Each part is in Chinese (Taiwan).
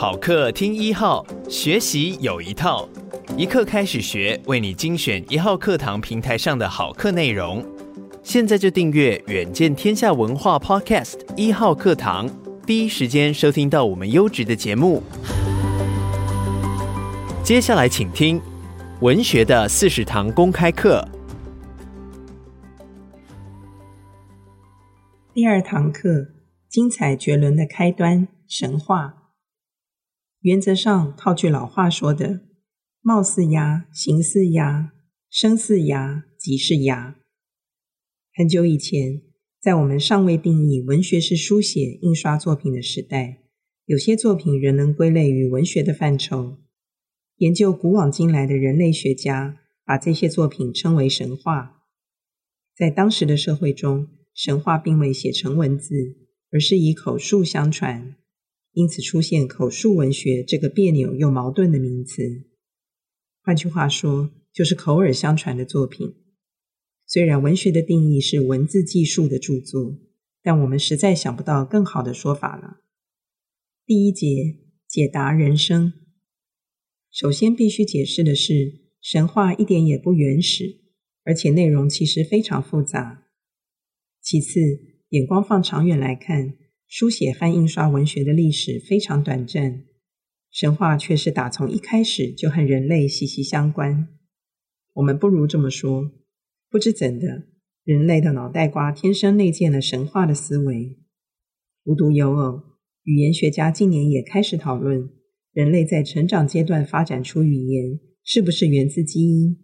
好課聽一號，學習有一套，一課開始學，為你精選一號課堂平台上的好課內容。現在就訂閱遠見天下文化 Podcast 一號課堂，第一時間收聽到我們優質的節目。接下來請聽《文學的四十堂公開課》第二堂課：精彩絕倫的開端——神話。原則上，套句老話說的，貌似鴨，形似鴨，聲似鴨，即是鴨。很久以前，在我們尚未定義文學是書寫印刷作品的時代，有些作品仍能歸類於文學的範疇。研究古往今來的人類學家把這些作品稱為神話。在當時的社會中，神話並未寫成文字，而是以口述相傳。因此出現“口述文學”這個別扭又矛盾的名詞。換句話說，就是口耳相傳的作品。雖然文學的定義是文字記述的著作，但我們實在想不到更好的說法了。第一節解答人生。首先必須解釋的是，神話一點也不原始，而且內容其實非常複雜。其次，眼光放長遠來看。書寫和印刷文學的歷史非常短暫，神話卻是打從一開始就和人類息息相關。我們不如這麼說：不知怎的，人類的腦袋瓜天生內建了神話的思維。無獨有偶，語言學家近年也開始討論：人類在成長階段發展出語言，是不是源自基因？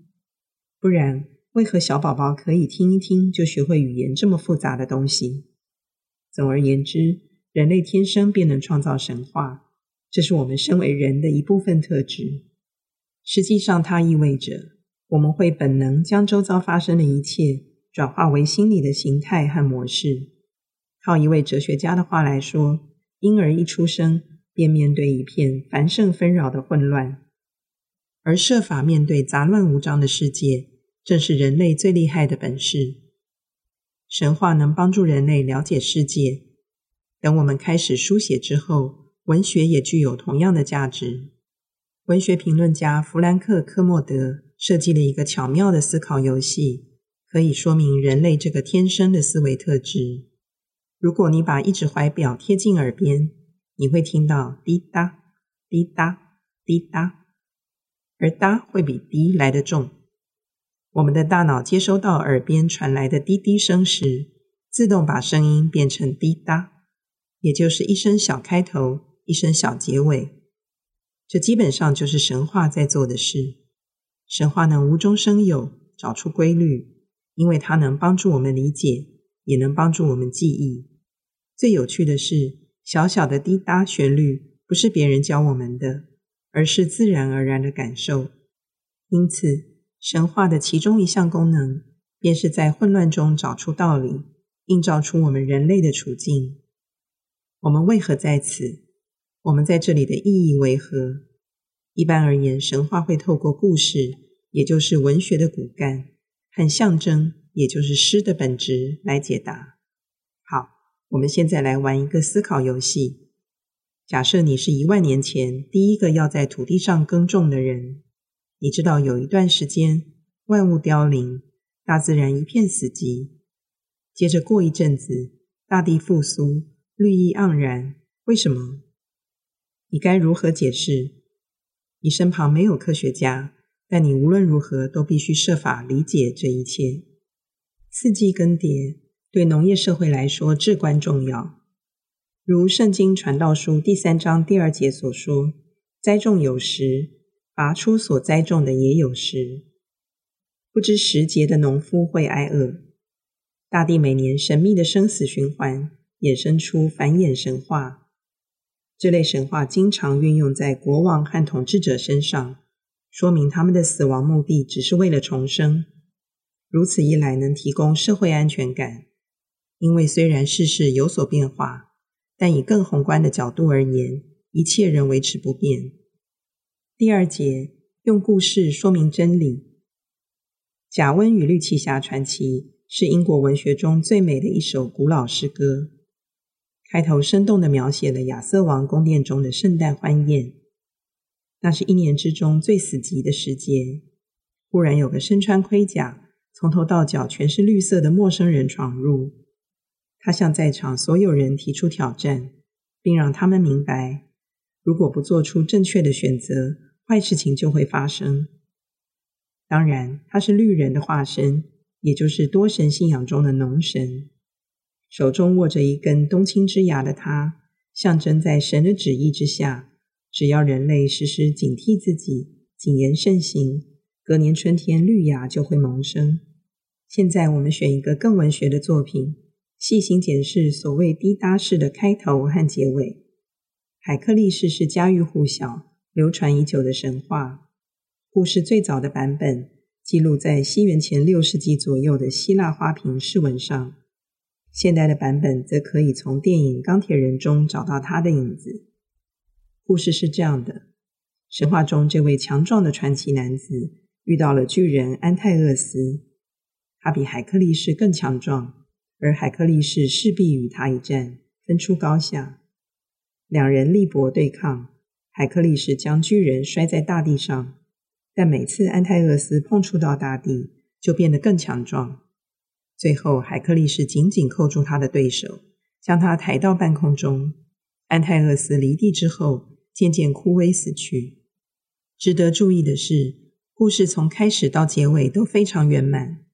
不然，為何小寶寶可以聽一聽就學會語言這麼複雜的東西？總而言之，人類天生便能創造神話，這是我們身為人的一部分特質。實際上，它意味着我們會本能將周遭發生的一切轉化為心理的形態和模式。靠一位哲學家的話來說，嬰兒一出生便面對一片繁盛紛擾的混亂，而設法面對雜亂無章的世界，正是人類最厲害的本事。神話能幫助人類了解世界。等我們開始書寫之後，文學也具有同樣的價值。文學評論家弗蘭克·科莫德設計了一個巧妙的思考遊戲，可以說明人類這個天生的思維特質。如果你把一隻懷表貼近耳邊，你會聽到滴答、滴答、滴答，而噠會比滴來得重。我們的大腦接收到耳邊傳來的滴滴聲時，自動把聲音變成滴答，也就是一聲小開頭，一聲小結尾。這基本上就是神話在做的事。神話能無中生有，找出規律，因為它能幫助我們理解，也能幫助我們記憶。最有趣的是，小小的滴答旋律不是別人教我們的，而是自然而然的感受。因此，神話的其中一項功能，便是在混亂中找出道理，映照出我們人類的處境。我們為何在此？我們在這裡的意義為何？一般而言，神話會透過故事，也就是文學的骨幹，和象徵，也就是詩的本質來解答。好，我們現在來玩一個思考遊戲。假設你是一萬年前第一個要在土地上耕種的人。你知道有一段時間，萬物凋零，大自然一片死寂。接着過一陣子，大地復蘇，綠意盎然。為什麼？你該如何解釋？你身旁沒有科學家，但你無論如何都必須設法理解這一切。四季更迭對農業社會來說至關重要。如《聖經傳道書》第三章第二節所說：“栽種有時。”.拔出所栽種的，也有時。不知時節的農夫會挨餓。大地每年神秘的生死循環衍生出繁衍神話，這類神話經常運用在國王和統治者身上，說明他們的死亡目的只是為了重生。如此一來，能提供社會安全感，因為雖然世事有所變化，但以更宏觀的角度而言，一切仍維持不變。第二節，用故事說明真理。加文與綠騎士傳奇是英國文學中最美的一首古老詩歌。開頭生動地描寫了亞瑟王宮殿中的聖誕歡宴，那是一年之中最死寂的時節。忽然有個身穿盔甲、從頭到腳全是綠色的陌生人闖入，他向在場所有人提出挑戰，並讓他們明白，如果不做出正確的選擇，壞事情就會發生。當然，他是綠人的化身，也就是多神信仰中的農神。手中握着一根冬青枝芽的他，象徵在神的旨意之下，只要人類時時警惕自己，謹言慎行，隔年春天綠芽就會萌生。現在我們選一個更文學的作品，細心檢視所謂滴答式的開頭和結尾。海克力士是家喻戶曉。流傳已久的神話故事，最早的版本記錄在西元前六世紀左右的希臘花瓶飾紋上，現代的版本則可以從電影《鋼鐵人》中找到他的影子。故事是這樣的：神話中這位強壯的傳奇男子遇到了巨人安泰厄斯，他比海克力士更強壯，而海克力士勢必與他一戰，分出高下。兩人力搏對抗。海克力士將巨人摔在大地上，但每次安泰厄斯碰觸到大地，就變得更強壯。最後，海克力士緊緊扣住他的對手，將他抬到半空中。安泰厄斯離地之後，漸漸枯萎死去。值得注意的是，故事從開始到結尾都非常圓滿，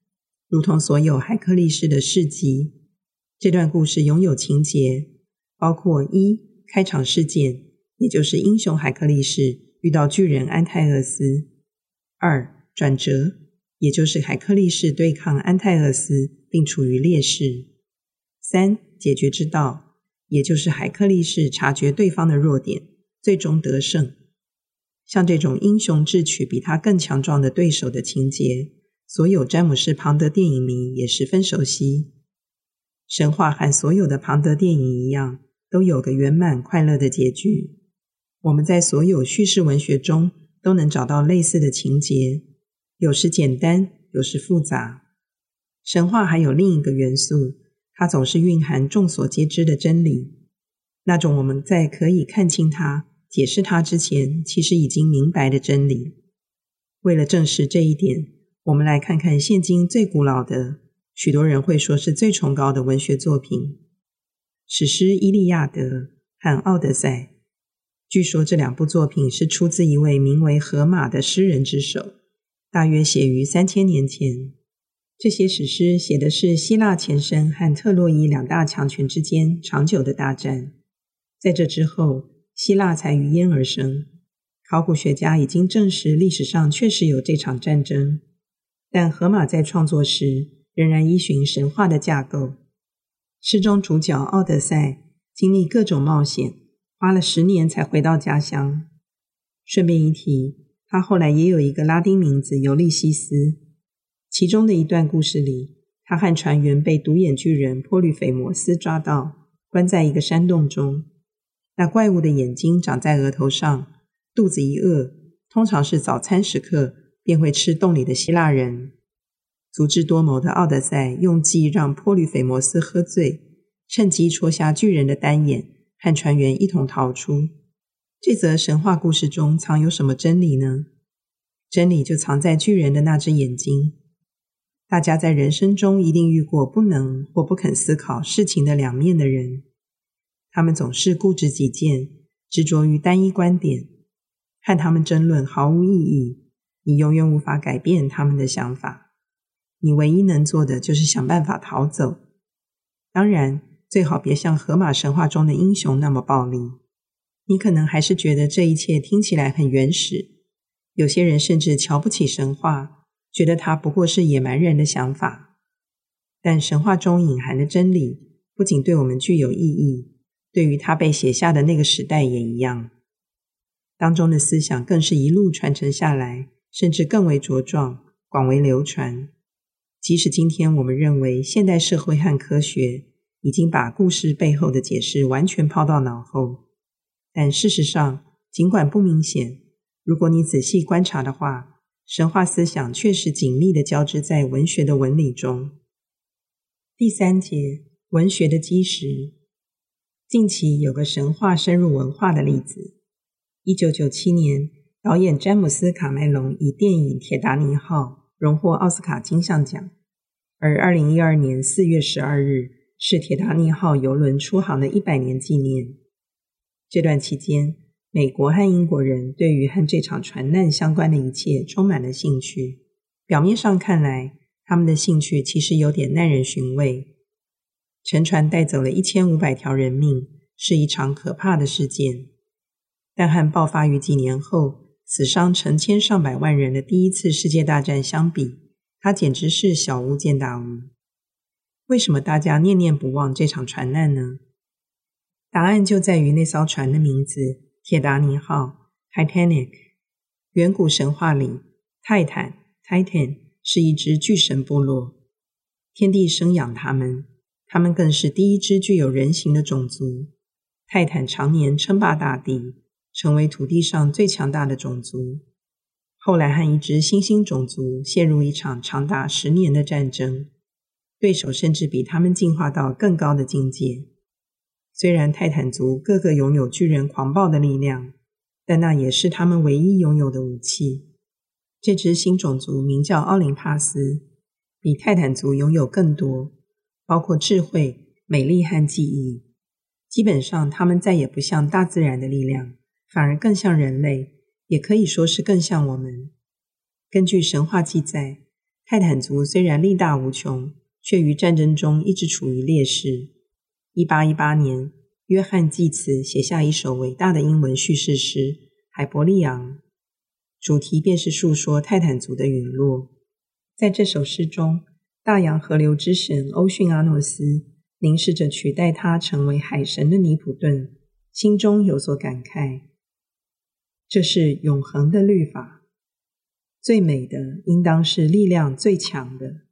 如同所有海克力士的事跡。這段故事擁有情節，包括一，開場事件。也就是英雄海克力士遇到巨人安泰厄斯。二，轉折，也就是海克力士對抗安泰厄斯並處於劣勢。三，解決之道，也就是海克力士察覺對方的弱點，最終得勝。像這種英雄智取比他更強壯的對手的情節，所有詹姆士·龐德電影迷也十分熟悉。神話和所有的龐德電影一樣，都有個圓滿快樂的結局。我們在所有敘事文學中都能找到類似的情節，有時簡單，有時複雜。神話還有另一個元素，它總是蘊含眾所皆知的真理，那種我們在可以看清它、解釋它之前，其實已經明白的真理。為了證實這一點，我們來看看現今最古老的，許多人會說是最崇高的文學作品——史詩《伊利亞德》和《奧德賽》。據說這兩部作品是出自一位名為荷馬的詩人之手，大約寫於三千年前。這些史詩寫的是希臘前身和特洛伊兩大強權之間長久的大戰，在這之後，希臘才於焉而生。考古學家已經證實歷史上確實有這場戰爭，但荷馬在創作時仍然依循神話的架構。詩中主角奧德賽經歷各種冒險。花了十年才回到家鄉。順便一提，他後來也有一個拉丁名字尤利西斯。其中的一段故事裡，他和船員被獨眼巨人波呂斐摩斯抓到，關在一個山洞中。那怪物的眼睛長在額頭上，肚子一餓，通常是早餐時刻便會吃洞裡的希臘人。足智多謀的奧德賽用計讓波呂斐摩斯喝醉，趁機戳瞎巨人的單眼。和船員一同逃出。這則神話故事中藏有什麼真理呢？真理就藏在巨人的那只眼睛。大家在人生中一定遇過不能或不肯思考事情的兩面的人，他們總是固執己見，執着於單一觀點。和他們爭論毫無意義，你永遠無法改變他們的想法。你唯一能做的就是想辦法逃走。當然。最好別像荷馬神話中的英雄那麼暴力。你可能還是覺得這一切聽起來很原始。有些人甚至瞧不起神話，覺得它不過是野蠻人的想法。但神話中隱含的真理，不僅對我們具有意義，對於它被寫下的那個時代也一樣。當中的思想更是一路傳承下來，甚至更為茁壯，廣為流傳。即使今天，我們認為現代社會和科學。已經把故事背後的解釋完全拋到腦後，但事實上，儘管不明顯，如果你仔細觀察的話，神話思想確實緊密地交織在文學的紋理中。第三節，文學的基石。近期有個神話深入文化的例子：一九九七年，導演詹姆斯·卡麥隆以電影《鐵達尼號》榮獲奧斯卡金像獎，而二零一二年四月十二日，是鐵達尼號郵輪出航的一百年紀念。這段期間，美國和英國人對於和這場船難相關的一切充滿了興趣。表面上看來，他們的興趣其實有點耐人尋味。沉船帶走了一千五百條人命，是一場可怕的事件。但和爆發於幾年後、死傷成千上百萬人的第一次世界大戰相比，它簡直是小巫見大巫。為什麼大家念念不忘這場船難呢？答案就在於那艘船的名字——鐵達尼號 （Titanic）。遠古神話裡，泰坦 （Titan） 是一支巨神部落，天地生養他們，他們更是第一支具有人形的種族。泰坦常年稱霸大地，成為土地上最強大的種族。後來，和一支新興種族陷入一場長達十年的戰爭。對手甚至比他們進化到更高的境界。雖然泰坦族個個擁有巨人狂暴的力量，但那也是他們唯一擁有的武器。這支新種族名叫奧林帕斯，比泰坦族擁有更多，包括智慧、美麗和記憶。基本上，他們再也不像大自然的力量，反而更像人類，也可以說是更像我們。根據神話記載，泰坦族雖然力大無窮，卻於戰爭中一直處於劣勢。一八一八年，約翰濟慈寫下一首偉大的英文敘事詩《海伯利昂》，主題便是述說泰坦族的隕落。在這首詩中，大洋河流之神歐遜阿諾斯凝視着取代他成為海神的尼普頓，心中有所感慨：“這是永恆的律法，最美的應當是力量最強的。”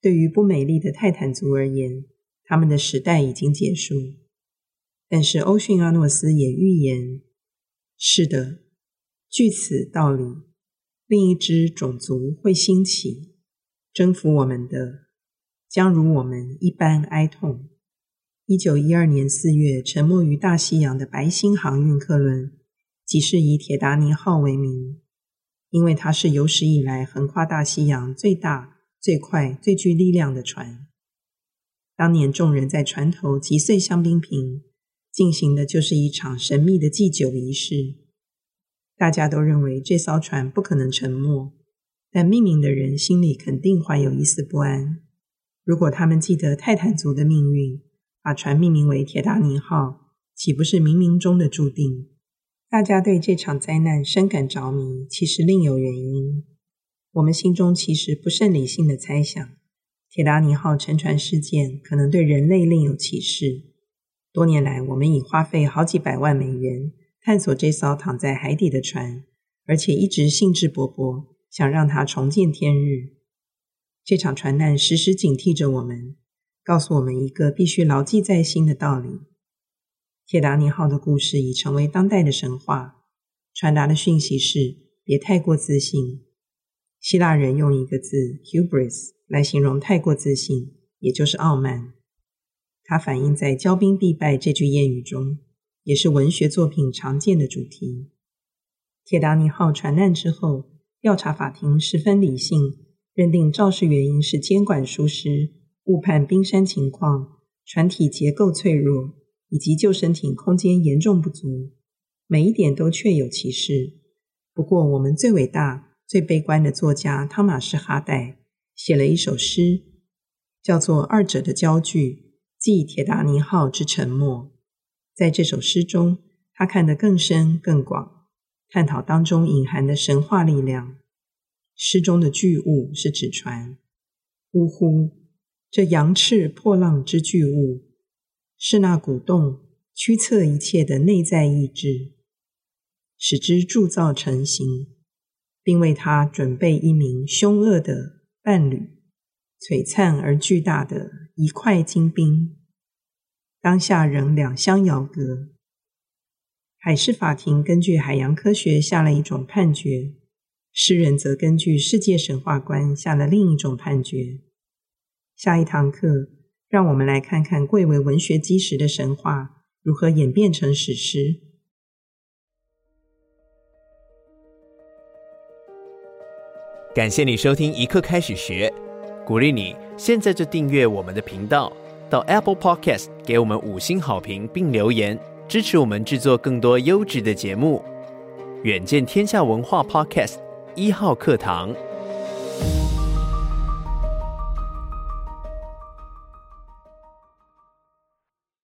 對於不美麗的泰坦族而言，他們的時代已經結束。但是歐遜阿諾斯也預言：是的，據此道理，另一支種族會興起，征服我們的，將如我們一般哀痛。一九一二年四月，沉沒於大西洋的白星航運客輪，即是以鐵達尼號為名，因為它是有史以來橫跨大西洋最大。最快、最具力量的船。當年眾人在船頭擊碎香檳瓶，進行的就是一場神秘的祭酒儀式。大家都認為這艘船不可能沉沒，但命名的人心裡肯定懷有一絲不安。如果他們記得泰坦族的命運，把船命名為“鐵達尼號”，豈不是冥冥中的注定？大家對這場災難深感着迷，其實另有原因。我們心中其實不甚理性的猜想：鐵達尼號沉船事件可能對人類另有啟示。多年來，我們已花費好幾百萬美元探索這艘躺在海底的船，而且一直興致勃勃想讓它重見天日。這場船難時時警惕着我們，告訴我們一個必須牢記在心的道理：鐵達尼號的故事已成為當代的神話，傳達的訊息是別太過自信。希臘人用一個字 hubris 來形容太過自信，也就是傲慢。它反映在“驕兵必敗”這句諺語中，也是文學作品常見的主題。鐵達尼號船難之後，調查法庭十分理性，認定肇事原因是監管疏失、誤判冰山情況、船體結構脆弱以及救生艇空間嚴重不足，每一點都確有其事。不過，我們最偉大。最悲觀的作家湯馬斯·哈代寫了一首詩，叫做《二者的交聚：記鐵達尼號之沉沒》。在這首詩中，他看得更深更廣，探討當中隱含的神話力量。詩中的巨物是指船。嗚呼，這揚翅破浪之巨物，是那鼓動驅策一切的內在意志，使之鑄造成形。並為他準備一名凶惡的伴侶，璀璨而巨大的一塊金冰，當下仍兩相遙隔。海事法庭根據海洋科學下了一種判決，詩人則根據世界神話觀下了另一種判決。下一堂課，讓我們來看看貴為文學基石的神話如何演變成史詩。感謝你收聽一課開始學，鼓勵你現在就訂閱我們的頻道，到 Apple Podcast 給我們五星好評並留言，支持我們制作更多優質的節目。遠見天下文化 Podcast 一號課堂。